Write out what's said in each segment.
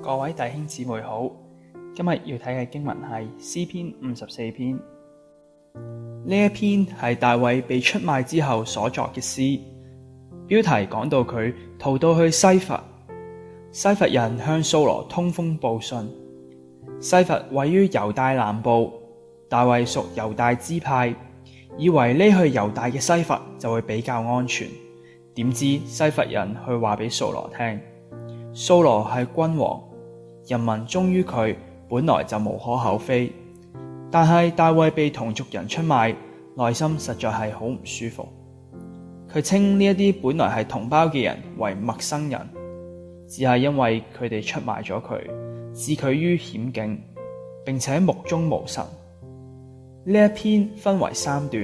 各位弟兄姊妹好，今日要睇嘅經文係詩篇五十四篇。呢一篇係大衛被出賣之後所作嘅詩。標題講到佢逃到去西弗。西弗人向掃羅通風報信。西弗位於猶大南部，大衛屬猶大支派，以為呢去猶大嘅西弗就會比較安全。點知西弗人去話俾掃羅聽，掃羅係君王。人民忠於佢本來就無可厚非，但係大衛被同族人出賣，內心實在係好唔舒服。佢稱呢一啲本來係同胞嘅人為陌生人，只係因為佢哋出賣咗佢，置佢於險境，並且目中無神。呢一篇分為三段，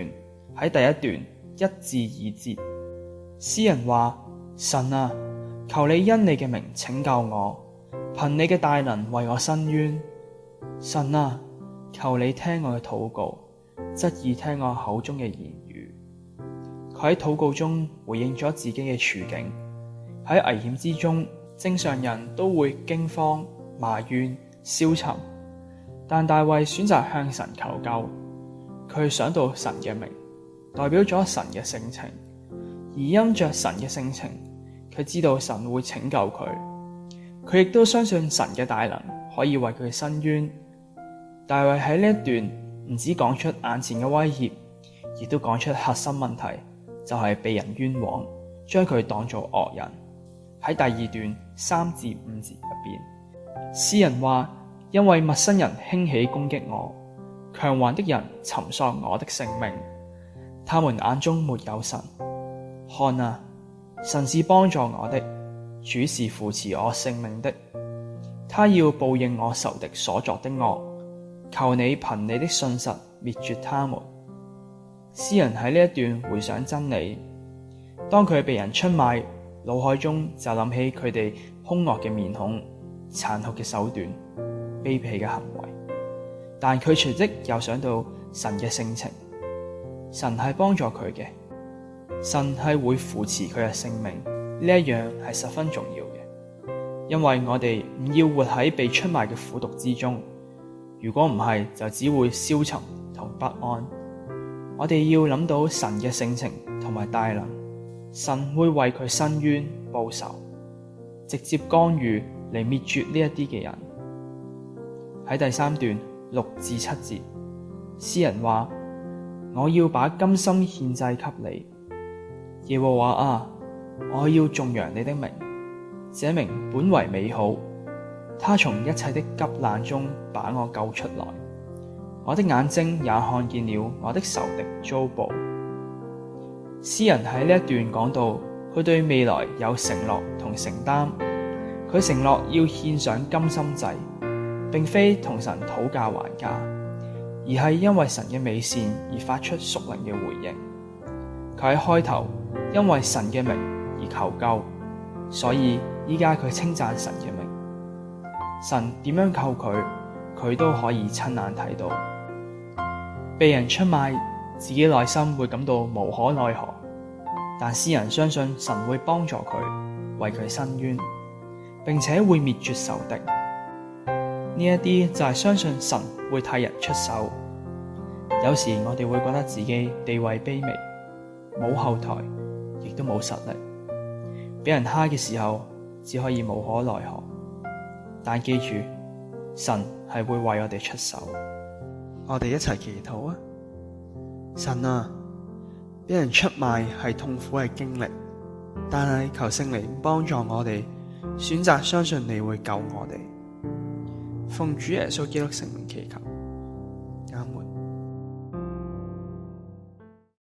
喺第一段一至二節，詩人話：神啊，求你因你嘅名拯救我。憑你嘅大能為我伸冤，神啊，求你聽我嘅禱告，側耳聽我口中嘅言語。佢喺禱告中回應咗自己嘅處境，喺危險之中，正常人都會驚慌、埋怨、消沉，但大衛選擇向神求救。佢想到神嘅名，代表咗神嘅性情，而因着神嘅性情，佢知道神會拯救佢。佢亦都相信神嘅大能可以為佢伸冤，大衛喺呢一段唔止講出眼前嘅威脅，亦都講出核心問題，就係被人冤枉，將佢當做惡人。喺第二段三至五節入邊，詩人話：因為陌生人興起攻擊我，強橫的人尋索我的性命，他們眼中沒有神。看哪，神是幫助我的。主是扶持我性命的，他要報應我仇敵所作的惡，求你憑你的信實滅絕他們。詩人喺呢一段回想真理，當佢被人出賣，腦海中就諗起佢哋兇惡嘅面孔、殘酷嘅手段、卑鄙嘅行為，但佢隨即又想到神嘅性情，神係幫助佢嘅，神係會扶持佢嘅性命。呢一樣係十分重要嘅，因為我哋唔要活喺被出賣嘅苦毒之中。如果唔係，就只會消沉同不安。我哋要諗到神嘅性情同埋大能，神會為佢伸冤報仇，直接干預嚟滅絕呢一啲嘅人。喺第三段六至七節，詩人話：我要把甘心獻祭給你，耶和華啊！我要頌揚你的名，這名本為美好，他從一切的急難中把我救出來。我的眼睛也看見了我的仇敵遭報。詩人喺呢一段講到，佢對未來有承諾同承擔，佢承諾要獻上甘心祭，並非同神討價還價，而係因為神嘅美善而發出屬靈嘅回應。佢喺開頭因為神嘅名。求救，所以依家佢稱讚神嘅名，神點樣救佢，佢都可以親眼睇到。被人出賣，自己內心會感到無可奈何，但詩人相信神會幫助佢，為佢伸冤，並且會滅絕仇敵。呢一啲就係相信神會替人出手。有時我哋會覺得自己地位卑微，冇後台，亦都冇實力。俾人蝦嘅時候，只可以無可奈何。但記住，神係會為我哋出手。我哋一齊祈禱啊！神啊，俾人出賣係痛苦嘅經歷，但係求聖靈幫助我哋選擇相信你會救我哋。奉主耶穌基督聖名祈求，阿門。